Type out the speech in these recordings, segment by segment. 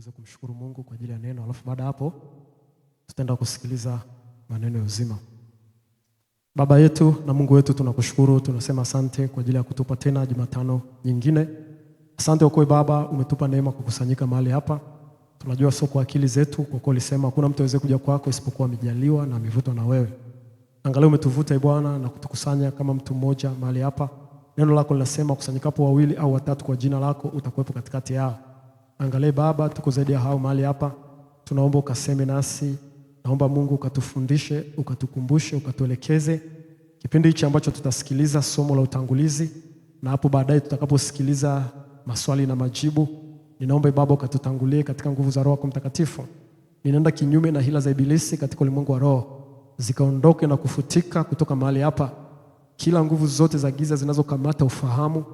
tuweze kumshukuru Mungu kwa ajili ya neno, alafu baada hapo tutaenda kusikiliza maneno ya uzima. Baba yetu na Mungu wetu, tunakushukuru, tunasema asante kwa ajili ya kutupa tena Jumatano nyingine. Asante kwa Baba, umetupa neema kukusanyika mahali hapa. Tunajua sio kwa akili zetu, kwa kuwa ulisema hakuna mtu aweze kuja kwako isipokuwa amejaliwa na amevutwa na wewe. Angalau umetuvuta e Bwana na kutukusanya kama mtu mmoja mahali hapa. Neno lako linasema kusanyikapo wawili au watatu kwa jina lako utakuwepo katikati yao. Angalie Baba, tuko zaidi ya hao mahali hapa, tunaomba ukaseme nasi. Naomba Mungu ukatufundishe, ukatukumbushe, ukatuelekeze kipindi hichi ambacho tutasikiliza somo la utangulizi, na hapo baadaye tutakaposikiliza maswali na majibu, ninaomba Baba ukatutangulie katika nguvu za Roho yako Mtakatifu. Ninaenda kinyume na hila za Ibilisi katika ulimwengu wa roho, zikaondoke na kufutika kutoka mahali hapa. Kila nguvu zote za giza zinazokamata ufahamu,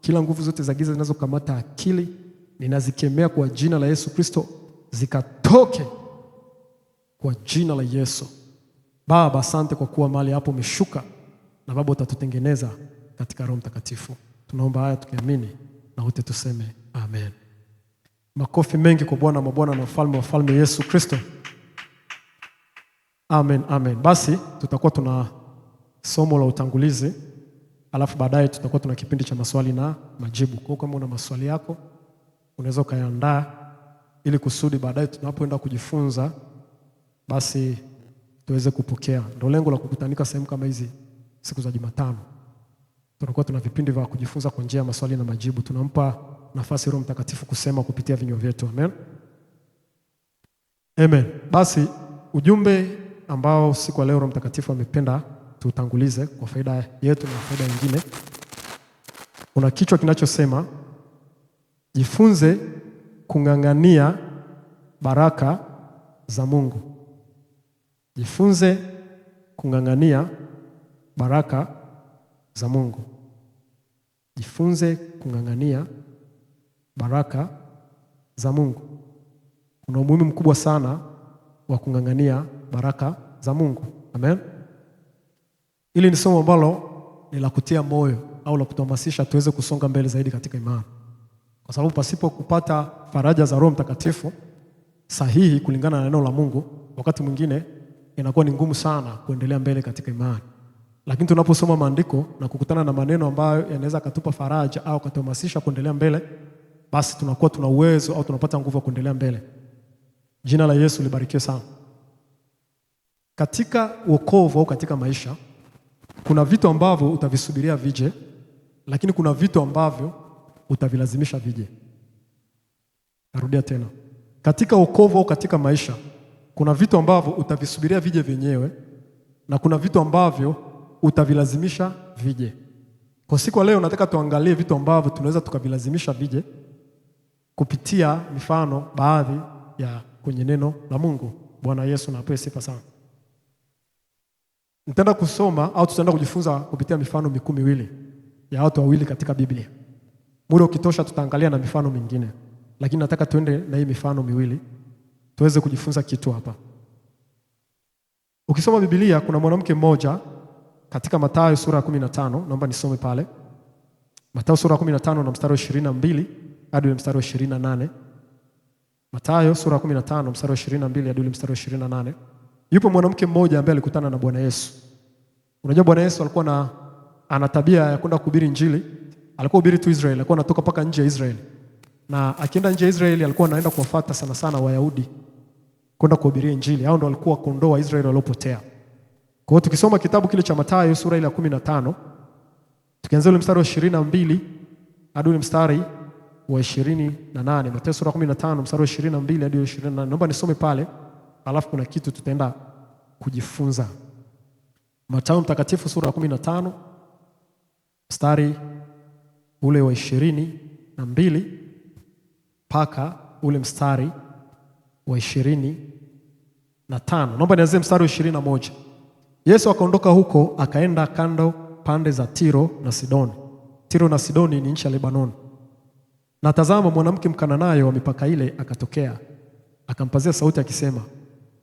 kila nguvu zote za giza zinazokamata akili ninazikemea kwa jina la Yesu Kristo, zikatoke kwa jina la Yesu. Baba, asante kwa kuwa mahali hapo umeshuka, na Baba utatutengeneza katika Roho Mtakatifu. Tunaomba haya tukiamini na wote tuseme amen. Makofi mengi kwa Bwana mabwana na mfalme wa falme Yesu Kristo. Amen, amen. Basi tutakuwa tuna somo la utangulizi, alafu baadaye tutakuwa tuna kipindi cha maswali na majibu. Kwa kama una maswali yako unaweza ukayaandaa ili kusudi baadaye tunapoenda kujifunza basi tuweze kupokea. Ndio lengo la kukutanika sehemu kama hizi siku za Jumatano. Tunakuwa tuna vipindi vya kujifunza kwa njia ya maswali na majibu. Tunampa nafasi Roho Mtakatifu kusema kupitia vinywa vyetu. Amen. Amen. Basi ujumbe ambao siku ya leo Roho Mtakatifu amependa tutangulize kwa faida yetu na faida nyingine. Kuna kichwa kinachosema Jifunze kung'ang'ania baraka za Mungu. Jifunze kung'ang'ania baraka za Mungu. Jifunze kung'ang'ania baraka za Mungu. Kuna umuhimu mkubwa sana wa kung'ang'ania baraka za Mungu. Amen. Hili ni somo ambalo ni la kutia moyo au la kutuhamasisha tuweze kusonga mbele zaidi katika imani kwa sababu pasipo kupata faraja za Roho Mtakatifu sahihi kulingana na neno la Mungu, wakati mwingine inakuwa ni ngumu sana kuendelea mbele katika imani. Lakini tunaposoma maandiko na kukutana na maneno ambayo yanaweza akatupa faraja au akatuhamasisha kuendelea mbele, basi tunakuwa tuna uwezo au tunapata nguvu ya kuendelea mbele. Jina la Yesu libarikiwe sana. Katika wokovu au katika maisha kuna vitu ambavyo utavisubiria vije, lakini kuna vitu ambavyo utavilazimisha vije. Narudia tena, katika wokovu au katika maisha kuna vitu ambavyo utavisubiria vije vyenyewe na kuna vitu ambavyo utavilazimisha vije. Kwa siku ya leo, nataka tuangalie vitu ambavyo tunaweza tukavilazimisha vije kupitia mifano baadhi ya kwenye neno la Mungu. Bwana Yesu na apewe sifa sana. Nitaenda kusoma au tutaenda kujifunza kupitia mifano mikuu miwili ya watu wawili katika Biblia. Muda ukitosha tutaangalia na mifano mingine, lakini nataka tuende na hii mifano miwili tuweze kujifunza kitu hapa. Ukisoma Biblia kuna mwanamke mmoja katika Mathayo sura ya 15, naomba nisome pale. Mathayo sura ya 15 na mstari wa 22 hadi ule mstari wa 28. Mathayo sura ya 15 mstari wa 22 hadi ule mstari wa 28. Yupo mwanamke mmoja ambaye alikutana na Bwana Yesu. Unajua Bwana Yesu alikuwa na ana tabia ya kwenda kuhubiri Injili alikuwa hubiri tu Israeli, alikuwa anatoka mpaka nje ya Israeli, na akienda nje ya Israeli alikuwa anaenda kuwafuata sana sana Wayahudi kwenda kuhubiria Injili. Hao ndio walikuwa kondoo wa Israeli waliopotea. Kwa hiyo tukisoma kitabu kile cha Mathayo sura ile ya 15 tukianzia ule mstari wa 22 hadi ule mstari wa 28, Mathayo sura 15 mstari wa 22 hadi 28. Naomba nisome pale, alafu kuna kitu tutaenda kujifunza. Mathayo mtakatifu sura ya 15 mstari ule wa ishirini na mbili mpaka ule mstari wa ishirini na tano. Naomba nianzie mstari wa ishirini na moja. Yesu akaondoka huko akaenda kando pande za Tiro na Sidoni. Tiro na Sidoni ni nchi ya Lebanoni. Na tazama, mwanamke Mkananayo wa mipaka ile akatokea akampazia sauti akisema,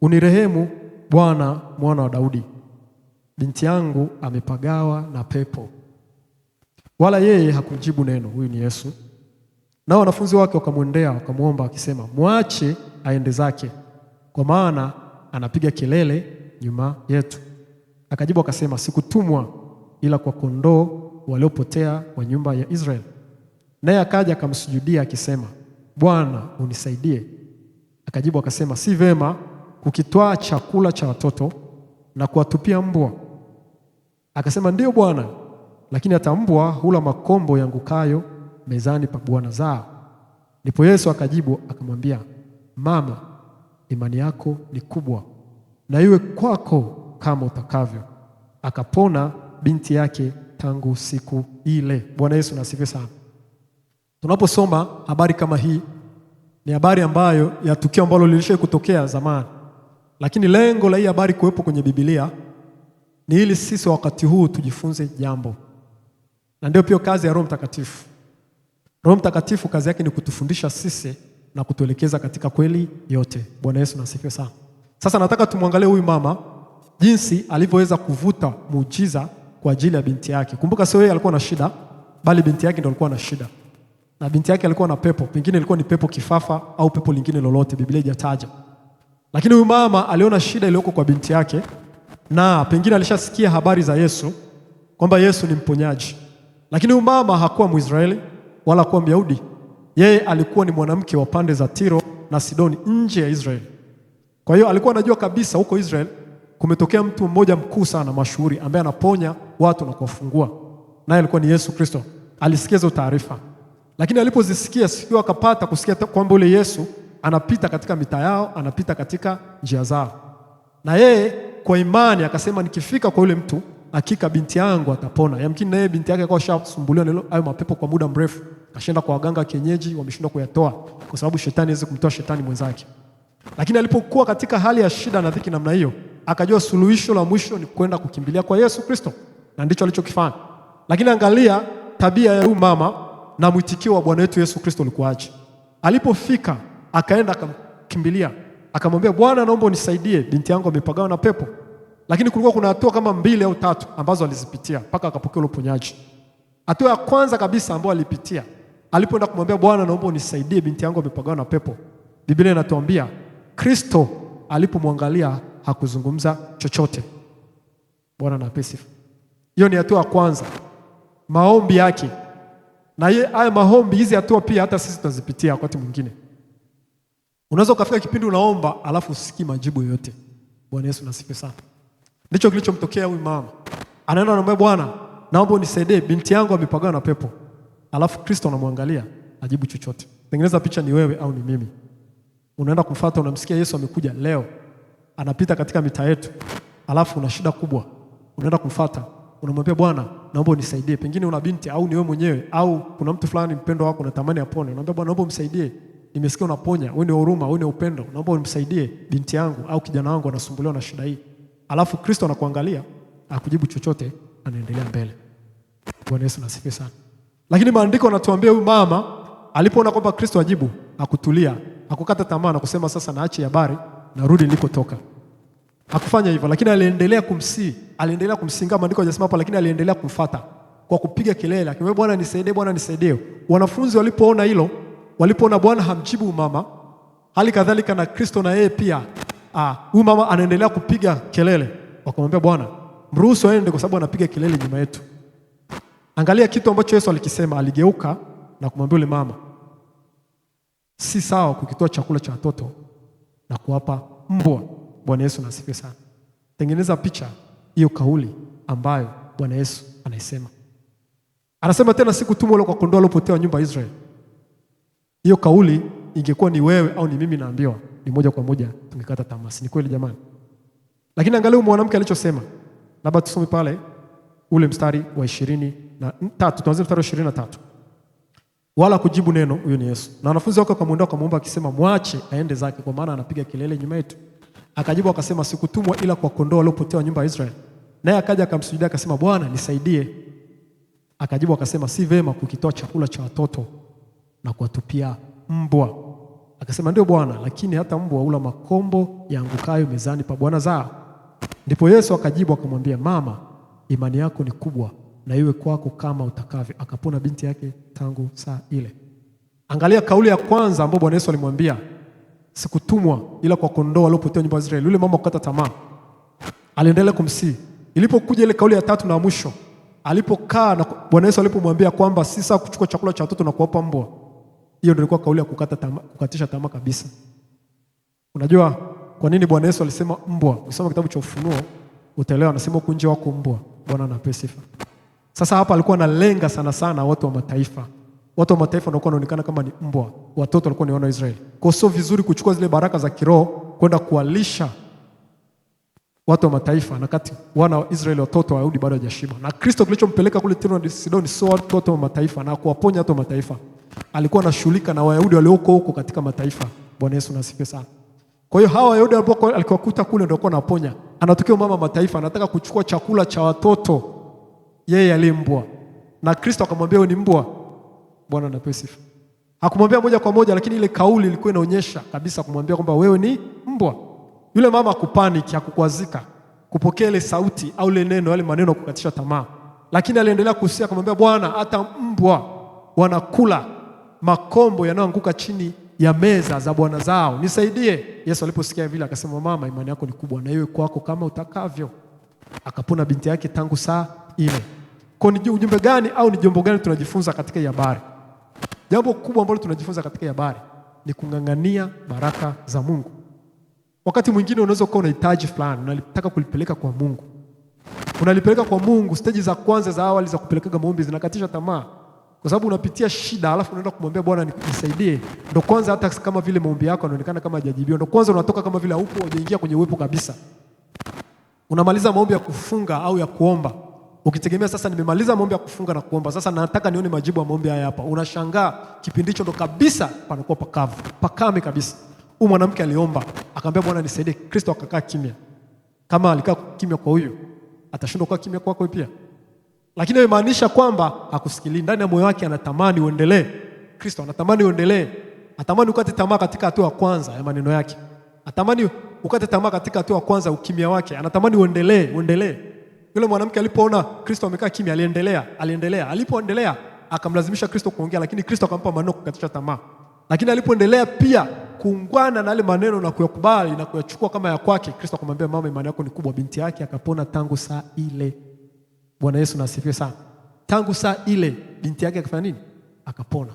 unirehemu Bwana, mwana wa Daudi, binti yangu amepagawa na pepo. Wala yeye hakujibu neno. Huyu ni Yesu. Nao wanafunzi wake wakamwendea wakamwomba wakisema, mwache aende zake, kwa maana anapiga kelele nyuma yetu. Akajibu akasema, sikutumwa ila kwa kondoo waliopotea wa nyumba ya Israeli. Naye akaja akamsujudia akisema, Bwana unisaidie. Akajibu akasema, si vema kukitwaa chakula cha watoto na kuwatupia mbwa. Akasema, ndiyo Bwana lakini hata mbwa hula makombo yangukayo mezani pa bwana zao. Ndipo Yesu akajibu akamwambia, mama, imani yako ni kubwa, na iwe kwako kama utakavyo. Akapona binti yake tangu siku ile. Bwana Yesu nasifiwe sana. Tunaposoma habari kama hii, ni habari ambayo ya tukio ambalo lilisha kutokea zamani, lakini lengo la hii habari kuwepo kwenye Biblia ni ili sisi wakati huu tujifunze jambo na ndio pia kazi ya Roho Mtakatifu. Roho Mtakatifu kazi yake ni kutufundisha sisi na kutuelekeza katika kweli yote. Bwana Yesu nasifiwe sana. Sasa nataka tumwangalie huyu mama jinsi alivyoweza kuvuta muujiza kwa ajili ya binti yake. Kumbuka sio yeye alikuwa na shida, bali binti yake ndio alikuwa na shida. Na binti yake alikuwa na pepo, pengine ilikuwa ni pepo kifafa au pepo lingine lolote, Biblia haijataja. Lakini huyu mama aliona shida iliyoko kwa binti yake na pengine alishasikia habari za Yesu kwamba Yesu ni mponyaji. Lakini huyu mama hakuwa Mwisraeli wala kuwa Myahudi, yeye alikuwa ni mwanamke wa pande za Tiro na Sidoni, nje ya Israeli. Kwa hiyo alikuwa anajua kabisa huko Israeli kumetokea mtu mmoja mkuu sana mashuhuri, ambaye anaponya watu na kuwafungua, naye alikuwa ni Yesu Kristo. Alisikia hizo taarifa, lakini alipozisikia sikio akapata kusikia kwamba ule Yesu anapita katika mitaa yao, anapita katika njia zao, na yeye kwa imani akasema, nikifika kwa yule mtu hakika binti yangu atapona. Yamkini naye binti yake alikuwa ashasumbuliwa na hayo mapepo kwa muda mrefu, kashinda kwa waganga kienyeji, wameshindwa kuyatoa kwa sababu shetani hawezi kumtoa shetani mwenzake. Lakini alipokuwa katika hali ya shida na dhiki namna hiyo, akajua suluhisho la mwisho ni kwenda kukimbilia kwa Yesu Kristo, na ndicho alichokifanya. Lakini angalia tabia ya huyu mama na mwitikio wa Bwana wetu Yesu Kristo ulikuwaje. Alipofika akaenda akamkimbilia, akamwambia, Bwana, naomba unisaidie, binti yangu amepagawa na pepo lakini kulikuwa kuna hatua kama mbili au tatu ambazo alizipitia mpaka akapokea uponyaji. Hatua ya kwanza kabisa ambayo alipitia alipoenda kumwambia Bwana, naomba unisaidie, binti yangu amepagawa na pepo. Biblia inatuambia Kristo alipomwangalia hakuzungumza chochote. Bwana na pesifu. Hiyo ni hatua ya kwanza, maombi yake. Na ye, haya maombi, hizi hatua pia hata sisi tunazipitia wakati mwingine. Unaweza ukafika kipindi unaomba alafu usikii majibu yoyote. Bwana Yesu nasifi sana. Ndicho kilichomtokea huyu mama. Anaenda anamwambia Bwana, naomba unisaidie, binti yangu amepagana na pepo. Alafu Kristo anamwangalia, ajibu chochote. Tengeneza picha ni wewe au ni mimi. Unaenda kumfuata, unamsikia Yesu amekuja leo. Anapita katika mitaa yetu. Alafu una shida kubwa. Unaenda kumfuata, unamwambia Bwana, naomba unisaidie. Pengine una binti au ni wewe mwenyewe au kuna mtu fulani mpendo wako unatamani apone. Unamwambia Bwana, naomba umsaidie. Nimesikia unaponya, wewe ni huruma, wewe ni upendo. Naomba unisaidie binti yangu au kijana wangu anasumbuliwa na shida hii alafu Kristo anakuangalia akujibu chochote, anaendelea mbele. Bwana Yesu nasifi sana. Lakini maandiko anatuambia huyu mama alipoona kwamba Kristo ajibu, akutulia, akukata tamaa na kusema sasa naache habari, narudi nilipotoka. Hakufanya hivyo, lakini aliendelea kumsii, aliendelea kumsinga, maandiko hajasema hapa, lakini aliendelea kumfuata kwa kupiga kelele, akimwambia Bwana nisaidie, Bwana nisaidie. Wanafunzi walipoona hilo, walipoona Bwana hamjibu mama, hali kadhalika na Kristo na yeye pia Ah, huyu mama anaendelea kupiga kelele, wakamwambia Bwana, mruhusu aende kwa sababu anapiga kelele nyuma yetu. Angalia kitu ambacho Yesu alikisema, aligeuka na kumwambia yule mama, si sawa kukitoa chakula cha watoto na kuwapa mbwa. Bwana Yesu nasifiwe sana. Tengeneza picha hiyo kauli ambayo Bwana Yesu anaisema. Anasema tena siku tumwa ule kwa kondoo alipotea nyumba ya Israeli. Hiyo kauli ingekuwa ni wewe au ni mimi naambiwa ni moja kwa moja tungekata tamaa. Ni kweli jamani? Lakini angalau mwanamke alichosema, labda tusome pale ule mstari wa ishirini na tatu, tuanze mstari wa ishirini na tatu. Wala kujibu neno, huyo ni Yesu. Na wanafunzi wake wakamwendea wakamwomba akisema, mwache aende zake, kwa maana anapiga kelele nyuma yetu. Akajibu akasema, sikutumwa ila kwa kondoo waliopotea wa nyumba ya Israeli. Naye akaja akamsujudia akasema, Bwana nisaidie. Akajibu akasema, si vema kukitoa chakula cha watoto na kuwatupia mbwa. Akasema, ndio Bwana, lakini hata mbwa hula makombo yaangukayo mezani pa bwana zao. Ndipo Yesu akajibu akamwambia, mama, imani yako ni kubwa, na iwe kwako kama utakavyo. Akapona binti yake tangu saa ile. Angalia kauli ya kwanza ambayo Bwana Yesu alimwambia, sikutumwa ila kwa kondoo waliopotea nyumba ya Israeli. Yule mama akata tamaa, aliendelea kumsii. Ilipokuja ile kauli ya tatu na mwisho, alipokaa na Bwana Yesu alipomwambia kwamba si saa kuchukua chakula cha watoto na kuwapa mbwa hiyo ndio ilikuwa kauli ya kukata tama, kukatisha tamaa kabisa. Unajua kwa nini Bwana Yesu alisema mbwa? Ukisoma kitabu cha Ufunuo utaelewa, anasema huku nje wako mbwa, Bwana anapewa sifa. Sasa hapa alikuwa analenga sana sana watu wa mataifa. Watu wa mataifa ndio wanaonekana kama ni mbwa, watoto walikuwa ni wana wa Israeli. Kwa sio vizuri kuchukua zile baraka za kiroho kwenda kuwalisha watu wa mataifa, na kati wana wa Israeli, watoto wa Yahudi bado hajashiba. Na Kristo kilichompeleka kule Tiro na Sidoni sio watu wa mataifa na kuwaponya watu wa mataifa alikuwa anashughulika na Wayahudi walioko huko katika mataifa. Bwana Yesu nasifiwe sana. Kwa hiyo hawa Wayahudi alikokuta kule ndio alikuwa anaponya. Anatokea mama mataifa anataka kuchukua chakula cha watoto, yeye alimbwa na Kristo akamwambia ni mbwa. Bwana napewe sifa. Hakumwambia moja kwa moja, lakini ile kauli ilikuwa inaonyesha kabisa kumwambia kwamba wewe ni mbwa. Yule mama hakupaniki, hakukwazika kupokea ile sauti au ile neno, yale maneno kukatisha tamaa, lakini aliendelea kusia, akamwambia Bwana, hata mbwa wanakula makombo yanayoanguka chini ya meza za bwana zao, nisaidie. Yesu aliposikia vile akasema, mama, imani yako ni kubwa, na iwe kwako kama utakavyo. Akapona binti yake tangu saa ile. Kwa ni ujumbe gani au ni jambo gani tunajifunza katika habari? Jambo kubwa ambalo tunajifunza katika habari ni kung'ang'ania baraka za Mungu. Wakati mwingine unaweza kuwa unahitaji fulani, unalitaka kulipeleka kwa Mungu, unalipeleka kwa Mungu. Steji za kwanza za awali za kupelekaga maombi zinakatisha tamaa kwa sababu unapitia shida, alafu unaenda kumwambia Bwana nisaidie, ndo kwanza hata kama vile maombi yako yanaonekana kama hajajibiwa, ndo kwanza unatoka kama vile haupo, hujaingia kwenye uwepo kabisa. Unamaliza maombi ya kufunga au ya kuomba, ukitegemea sasa, nimemaliza maombi ya kufunga na kuomba, sasa nataka nione majibu ya maombi haya hapa. Unashangaa kipindi hicho ndo kabisa panakuwa pakavu, pakame kabisa. Huyu mwanamke aliomba akamwambia Bwana nisaidie, Kristo akakaa kimya. Kama alikaa kimya kwa huyu, atashindwa kukaa kimya kwako pia? lakini imaanisha kwamba hakusikilii. Ndani ya moyo wake anatamani uendelee, Kristo anatamani uendelee, atamani ukate tamaa katika hatua ya kwanza ya maneno yake, atamani ukate tamaa katika hatua ya kwanza ukimya wake, anatamani uendelee, uendelee. Yule mwanamke alipoona Kristo amekaa kimya, aliendelea, aliendelea. Alipoendelea akamlazimisha Kristo kuongea, lakini Kristo akampa maneno kukatisha tamaa. Lakini alipoendelea pia kuungwana na yale maneno na kuyakubali na kuyachukua kama ya kwake, Kristo akamwambia, mama, imani yako ni kubwa. Binti yake akapona tangu saa ile. Bwana Yesu nasifiwe sana. Tangu saa ile binti yake akafanya nini? Akapona.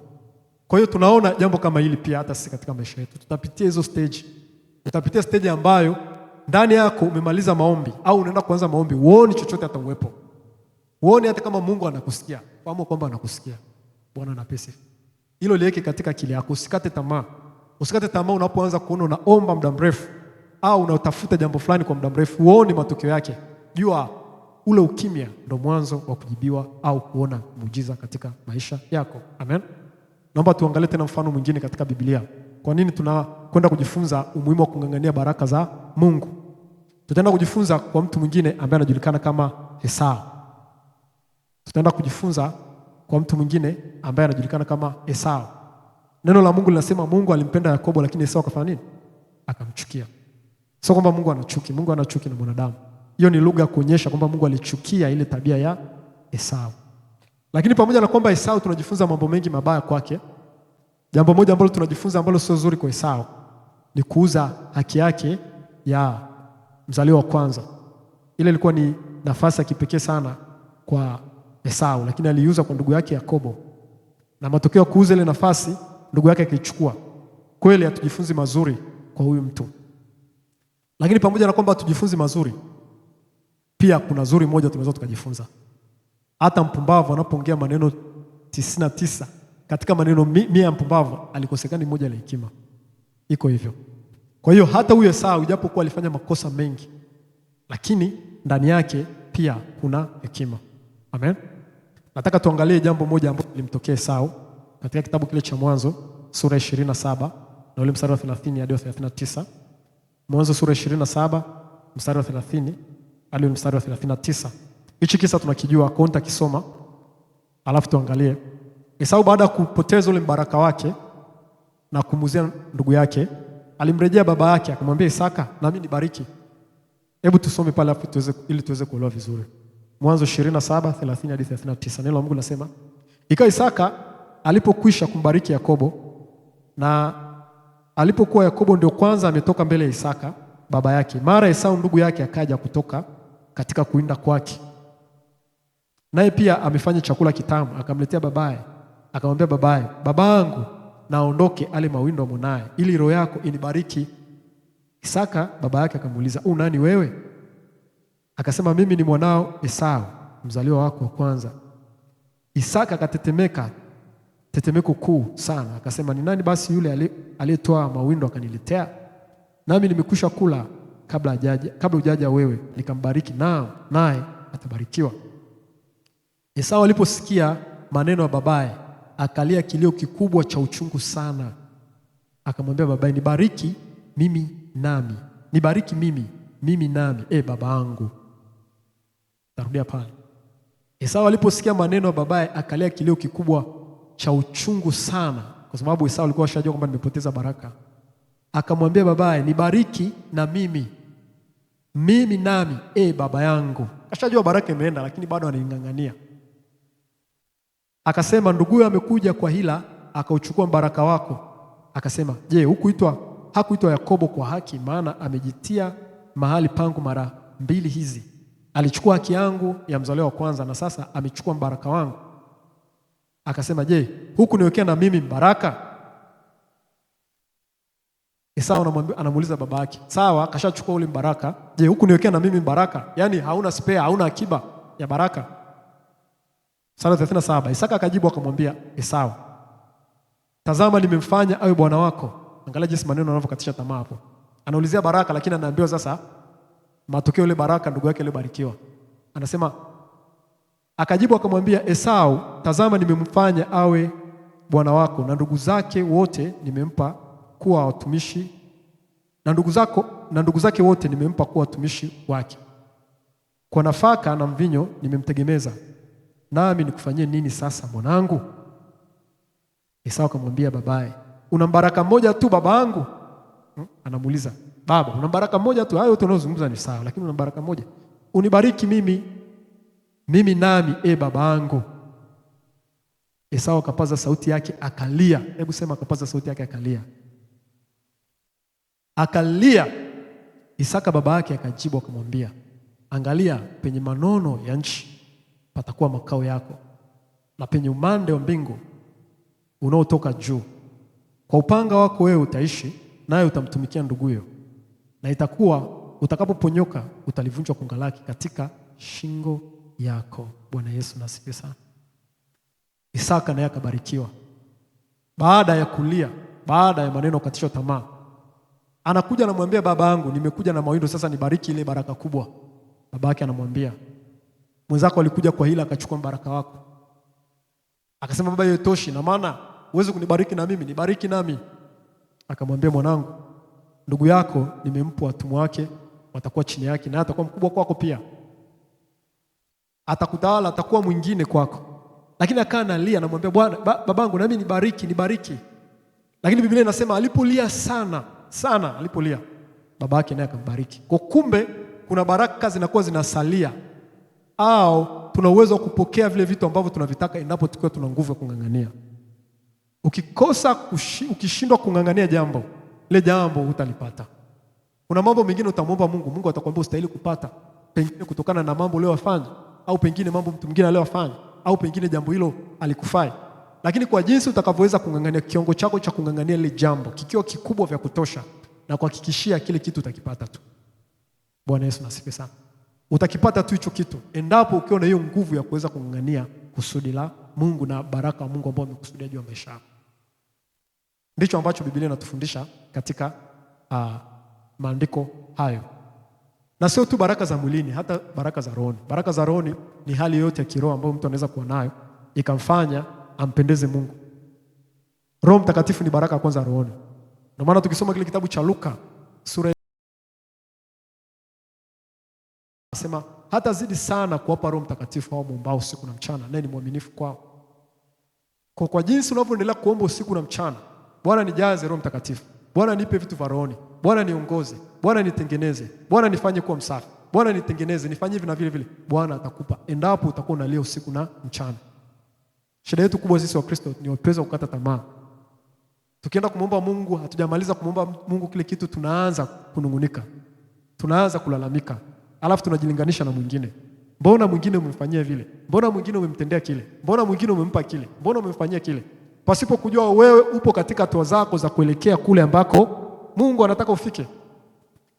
Kwa hiyo tunaona jambo kama hili pia hata sisi katika maisha yetu tutapitia hizo stage, utapitia stage ambayo ndani yako umemaliza maombi au unaenda kuanza maombi, uone chochote hata uwepo, Uone hata kama Mungu anakusikia, fahamu kwamba anakusikia. Bwana na pesa hilo liweke katika akili yako, usikate tamaa, usikate tamaa unapoanza kuona unaomba muda mrefu au unatafuta jambo fulani kwa muda mrefu, uone matokeo yake, jua ule ukimya ndo mwanzo wa kujibiwa au kuona muujiza katika maisha yako. Amen. Naomba tuangalie tena mfano mwingine katika Biblia. Kwa nini tunakwenda kujifunza umuhimu wa kung'ang'ania baraka za Mungu? Tutaenda kujifunza kwa mtu mwingine ambaye anajulikana kama Esau. Tutaenda kujifunza kwa mtu mwingine ambaye anajulikana kama Esau. Neno la Mungu linasema Mungu alimpenda Yakobo, lakini Esau akafanya nini? Akamchukia. Sio kwamba Mungu anachuki Mungu anachuki na mwanadamu. Hiyo ni lugha ya kuonyesha kwamba Mungu alichukia ile tabia ya Esau. Lakini pamoja na kwamba Esau tunajifunza mambo mengi mabaya kwake, jambo moja ambalo tunajifunza ambalo sio zuri kwa Esau ni kuuza haki yake ya mzaliwa wa kwanza. Ile ilikuwa ni nafasi ya kipekee sana kwa Esau, lakini aliuza kwa ndugu yake Yakobo, na matokeo ya kuuza ile nafasi, ndugu yake akaichukua. Kweli hatujifunzi mazuri kwa huyu mtu, lakini pamoja na kwamba hatujifunzi mazuri pia kuna zuri moja tunaweza tukajifunza, hata mpumbavu anapoongea maneno tisini na tisa katika maneno mia ya mpumbavu alikosekani moja la hekima. Iko hivyo. Kwa hiyo hata huyo saa ujapokuwa alifanya makosa mengi, lakini ndani yake pia kuna hekima. Amen. Nataka tuangalie jambo moja ambalo lilimtokea Esau katika kitabu kile cha Mwanzo sura 27 na ule msari wa 30 hadi 39. Mwanzo sura 27 msari wa 30 hadi mstari wa 39. Hichi kisa tunakijua kwa kisoma alafu tuangalie Esau baada ya kupoteza ule mbaraka wake na kumuzia ndugu yake, alimrejea baba yake akamwambia Isaka, na mimi nibariki. Hebu tusome pale afu tuweze, ili tuweze kuelewa vizuri. Mwanzo 27, 30 hadi 39. Neno la Mungu linasema, ikawa Isaka alipokwisha kumbariki Yakobo na alipokuwa Yakobo ndio kwanza ametoka mbele ya Isaka baba yake, mara Esau ndugu yake akaja kutoka katika kuinda kwake. Naye pia amefanya chakula kitamu, akamletea babaye, akamwambia babaye, babangu, naondoke ale mawindo mwanaye, ili roho yako inibariki. Isaka baba yake akamuuliza, u nani wewe? Akasema, mimi ni mwanao Esau, mzaliwa wako wa kwanza. Isaka akatetemeka tetemeko kuu sana, akasema, ni nani basi yule aliyetoa mawindo akaniletea, nami nimekusha kula kabla ajaja, kabla ujaja wewe, nikambariki nao naye atabarikiwa. Esau aliposikia maneno ya babaye akalia kilio kikubwa cha uchungu sana, akamwambia babaye, nibariki mimi nami, nibariki mimi mimi nami, e baba yangu. Tarudia pale, Esau aliposikia maneno ya babaye akalia kilio kikubwa cha uchungu sana, kwa sababu Esau alikuwa ashajua kwamba nimepoteza baraka akamwambia babaye, nibariki na mimi mimi nami e baba yangu. Kashajua baraka imeenda, lakini bado anaing'ang'ania. Akasema nduguyo amekuja kwa hila, akauchukua mbaraka wako. Akasema, je, hukuitwa hakuitwa Yakobo kwa haki? Maana amejitia mahali pangu mara mbili hizi, alichukua haki yangu ya mzaliwa wa kwanza, na sasa amechukua mbaraka wangu. Akasema, je, huku niwekea na mimi mbaraka? Esau anamuuliza baba yake, sawa, kashachukua ule mbaraka, je, huku niwekea na mimi mbaraka? Yaani hauna spare, hauna akiba ya baraka. Sura 37, Isaka akajibu akamwambia Esau, tazama, nimemfanya awe bwana wako. Angalia jinsi maneno yanavyokatisha tamaa hapo. Anaulizia baraka, lakini anaambiwa sasa matokeo ile baraka ndugu yake aliyobarikiwa. Anasema akajibu akamwambia Esau, tazama, nimemfanya awe bwana wako na ndugu zake wote nimempa kuwa watumishi na ndugu zako na ndugu zake wote nimempa kuwa watumishi wake. Kwa nafaka na mvinyo nimemtegemeza, nami nikufanyie nini sasa mwanangu? Esau akamwambia babaye, una mbaraka moja tu babaangu Hmm? Anamuuliza baba, una baraka moja tu? Hayo yote unayozungumza ni sawa, lakini una baraka moja. Unibariki mimi mimi nami, e babangu. Esau akapaza sauti yake akalia. Hebu sema, akapaza sauti yake akalia. Akalia Isaka baba yake akajibu akamwambia, angalia, penye manono ya nchi patakuwa makao yako, na penye umande wa mbingu unaotoka juu. Kwa upanga wako wewe utaishi, naye utamtumikia nduguyo, na itakuwa utakapoponyoka utalivunjwa kunga lake katika shingo yako. Bwana Yesu nasifi sana. Isaka naye akabarikiwa. Baada ya kulia, baada ya maneno akatishwa tamaa Anakuja anamwambia baba yangu, nimekuja na mawindo sasa, nibariki ile baraka kubwa. Baba yake anamwambia, mwenzako alikuja kwa hila akachukua mbaraka wako. Akasema, baba, hiyo toshi, na maana uweze kunibariki na mimi, nibariki nami. Akamwambia, mwanangu, ndugu yako nimempa watumwa wake, watakuwa chini yake, naye atakuwa mkubwa kwako pia, atakutawala, atakuwa mwingine kwako. Lakini akaa analia, anamwambia, bwana, babangu, nami nibariki, nibariki. Lakini Biblia inasema alipolia sana sana alipolia, baba yake naye akambariki. Kwa kumbe, kuna baraka zinakuwa zinasalia au tuna uwezo wa kupokea vile vitu ambavyo tunavitaka endapo tukiwa tuna nguvu ya kung'ang'ania. Ukikosa kushi, ukishindwa kung'ang'ania jambo ile jambo hutalipata. Kuna mambo mengine utamwomba Mungu, Mungu atakwambia ustahili kupata, pengine kutokana na mambo uliyofanya, au pengine mambo mtu mwingine aliyofanya, au pengine jambo hilo alikufai lakini kwa jinsi utakavyoweza kung'ang'ania kiongo chako cha kung'ang'ania lile jambo kikiwa kikubwa vya kutosha, na kuhakikishia kile kitu utakipata tu. Bwana Yesu nasifi sana. Utakipata tu hicho kitu endapo ukiwa na hiyo nguvu ya kuweza kung'ang'ania kusudi la Mungu na baraka wa Mungu ambao amekusudia juu ya maisha yako. Ndicho ambacho Biblia inatufundisha katika uh, maandiko hayo, na sio tu baraka za mwilini, hata baraka za rohoni. Baraka za rohoni ni hali yote ya kiroho ambayo mtu anaweza kuwa nayo ikamfanya ampendeze Mungu. Roho Mtakatifu ni baraka ya kwanza rohoni. Ndio maana tukisoma kile kitabu cha Luka sura anasema hata zidi sana kuwapa Roho Mtakatifu hao mwombao usiku na mchana, naye ni mwaminifu kwao. Kwa, kwa jinsi unavyoendelea kuomba usiku na mchana, Bwana nijaze Roho Mtakatifu, Bwana nipe vitu vya rohoni, Bwana niongoze, Bwana nitengeneze, Bwana nifanye kuwa msafi, Bwana nitengeneze, nifanye hivi na vile vile, Bwana atakupa endapo utakuwa unalia usiku na mchana. Shida yetu kubwa sisi wa Kristo ni tuweze kukata tamaa. Tukienda kumwomba Mungu, hatujamaliza kumwomba Mungu kile kitu, tunaanza kunungunika, tunaanza kulalamika, alafu tunajilinganisha na mwingine. Mbona mwingine umemfanyia vile? Mbona mwingine umemtendea kile? Mbona mwingine umempa kile? Mbona umemfanyia kile? Pasipo kujua wewe upo katika hatua zako za kuelekea kule ambako Mungu anataka ufike.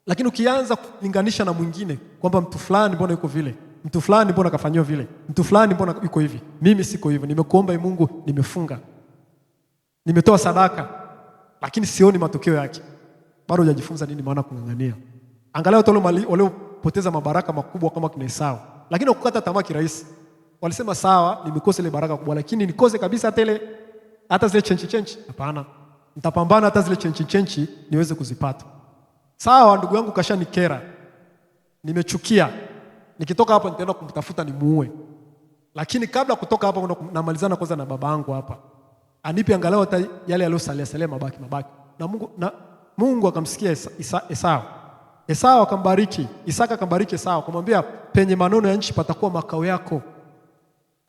Lakini ukianza kulinganisha na mwingine kwamba mtu fulani mbona yuko vile mtu fulani mbona kafanyiwa vile, mtu fulani mbona yuko hivi, mimi siko hivyo, nimekuomba e Mungu, nimefunga, nimetoa sadaka, lakini sioni matokeo yake. Bado hujajifunza nini maana kung'ang'ania. Angalia watu waliopoteza mabaraka makubwa kama kina Esau, lakini wakukata tamaa kirahisi. Walisema sawa, nimekosa ile baraka kubwa, lakini nikose kabisa hata ile hata zile chenchi chenchi? Hapana, nitapambana hata zile chenchi chenchi niweze kuzipata. Sawa, ndugu yangu kashanikera, nimechukia nikitoka hapa nitaenda kumtafuta nimuue, lakini kabla kutoka hapa namalizana kwanza na baba yangu hapa, anipe angalau hata yale yaliyosalia salia, mabaki mabaki. Na Mungu, na Mungu akamsikia Esau Esau Esau, Esau akambariki Isaka, akambariki Esau akamwambia, penye manono ya nchi patakuwa makao yako.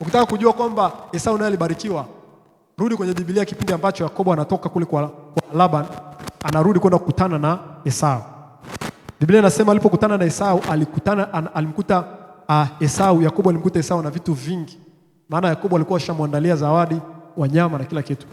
Ukitaka kujua kwamba Esau naye alibarikiwa, rudi kwenye Biblia, kipindi ambacho Yakobo anatoka kule kwa Laban, anarudi kwenda kukutana na Esau. Biblia inasema alipokutana na Esau alikutana, alimkuta uh, Esau, Yakobo alimkuta Esau na vitu vingi, maana Yakobo alikuwa ashamwandalia zawadi, wanyama na kila kitu.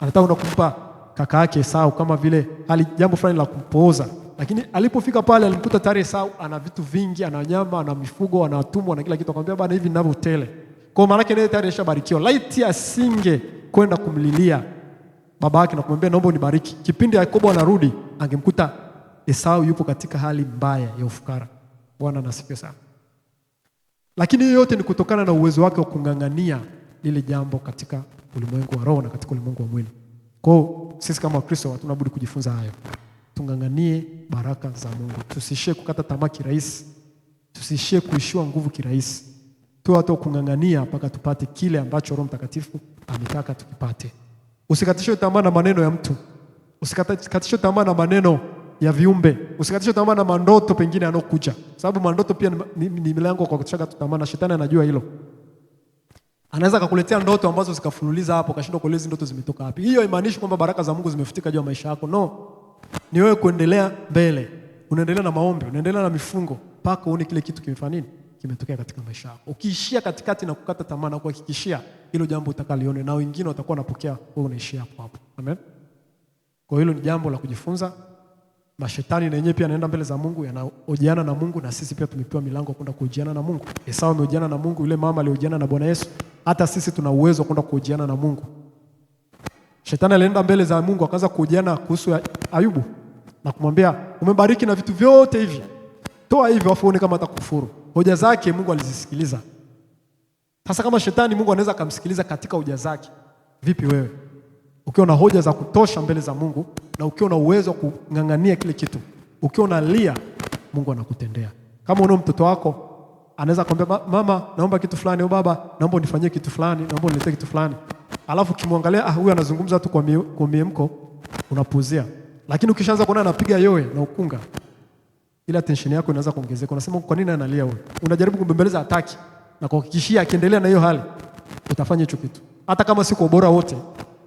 Anataka kumpa kaka yake Esau kama vile hali jambo fulani la kumpooza, lakini alipofika pale alimkuta tayari Esau ana vitu vingi, ana wanyama, ana mifugo, ana watumwa na kila kitu. Akamwambia bana, hivi ninavyo tele. Kwa maana yake naye tayari ashabarikiwa. Laiti asinge kwenda kumlilia baba yake na kumwambia naomba unibariki, kipindi Yakobo anarudi angemkuta Esau yupo katika hali mbaya ya ufukara. Bwana anasifiwe sana. Lakini hiyo yote ni kutokana na uwezo wake wa kung'ang'ania lile jambo katika ulimwengu wa roho na katika ulimwengu wa mwili. Kwa hiyo sisi kama Wakristo hatuna budi kujifunza hayo, tung'ang'anie baraka za Mungu, tusishie kukata tamaa kirahisi, tusishie kuishiwa nguvu kirahisi, tu hata kung'ang'ania mpaka tupate kile ambacho Roho Mtakatifu ametaka tukipate. Usikatishwe tamaa na maneno ya mtu, usikatishwe tamaa na maneno ya viumbe. Usikatishe tamaa na mandoto pengine yanokuja, sababu mandoto pia ni, ni ni milango kwa kutisha tamaa, na shetani anajua hilo. Anaweza kukuletea ndoto ambazo zikafululiza hapo, kashindwa kuelewa hizo ndoto zimetoka wapi. Hiyo haimaanishi kwamba baraka za Mungu zimefutika juu ya maisha yako, no, ni wewe kuendelea mbele, unaendelea na maombi, unaendelea na mifungo mpaka uone kile kitu kimefanya nini, kimetokea katika maisha yako. Ukiishia katikati na kukata tamaa na kuhakikishia hilo jambo utakaliona na wengine watakuwa wanapokea, wewe unaishia hapo hapo. Amen. Kwa hilo ni jambo la kujifunza mashetani na yenyewe pia anaenda mbele za Mungu, yanaojiana na Mungu, na sisi pia tumepewa milango kwenda kuojiana na Mungu. Esau ameojiana na Mungu, yule mama aliojiana na Bwana Yesu, hata sisi tuna uwezo kwenda kuojiana na Mungu. Shetani alienda mbele za Mungu akaanza kuojiana kuhusu Ayubu na kumwambia umebariki na vitu vyote hivi, toa hivi afu uone kama atakufuru. Hoja zake Mungu alizisikiliza. Sasa kama shetani Mungu anaweza akamsikiliza katika hoja zake, vipi wewe? ukiwa na hoja za kutosha mbele za Mungu na ukiwa na uwezo wa kung'ang'ania kile kitu, ukiwa unalia, Mungu anakutendea. Kama unao mtoto wako anaweza kumwambia mama, naomba kitu fulani au oh, baba, naomba unifanyie kitu fulani, naomba uniletee kitu fulani, alafu ukimwangalia, ah, huyu anazungumza tu kwa miemko, unapuzia. Lakini ukishaanza kuona anapiga yowe na ukunga, ila tension yako inaanza kuongezeka, unasema kwa nini analia huyu? Unajaribu kumbembeleza, ataki na kuhakikishia akiendelea na hiyo hali utafanya hicho kitu, hata kama si kwa ubora wote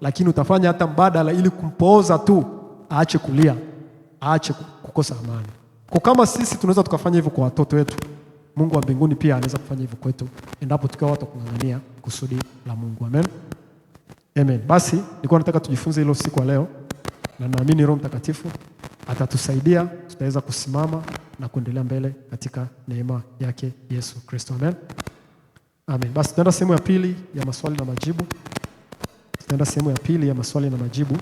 lakini utafanya hata mbadala ili kumpooza tu aache kulia, aache kukosa amani. Kwa kama sisi tunaweza tukafanya hivyo kwa watoto wetu, Mungu wa mbinguni pia anaweza kufanya hivyo kwetu, endapo tukiwa watu kung'ang'ania kusudi la Mungu. Amen, amen. Basi nilikuwa nataka tujifunze hilo siku ya leo, na naamini Roho Mtakatifu atatusaidia tutaweza kusimama na kuendelea mbele katika neema yake Yesu Kristo. Amen, amen. Basi tunaenda sehemu ya pili ya maswali na majibu. Nenda sehemu ya pili ya maswali na majibu.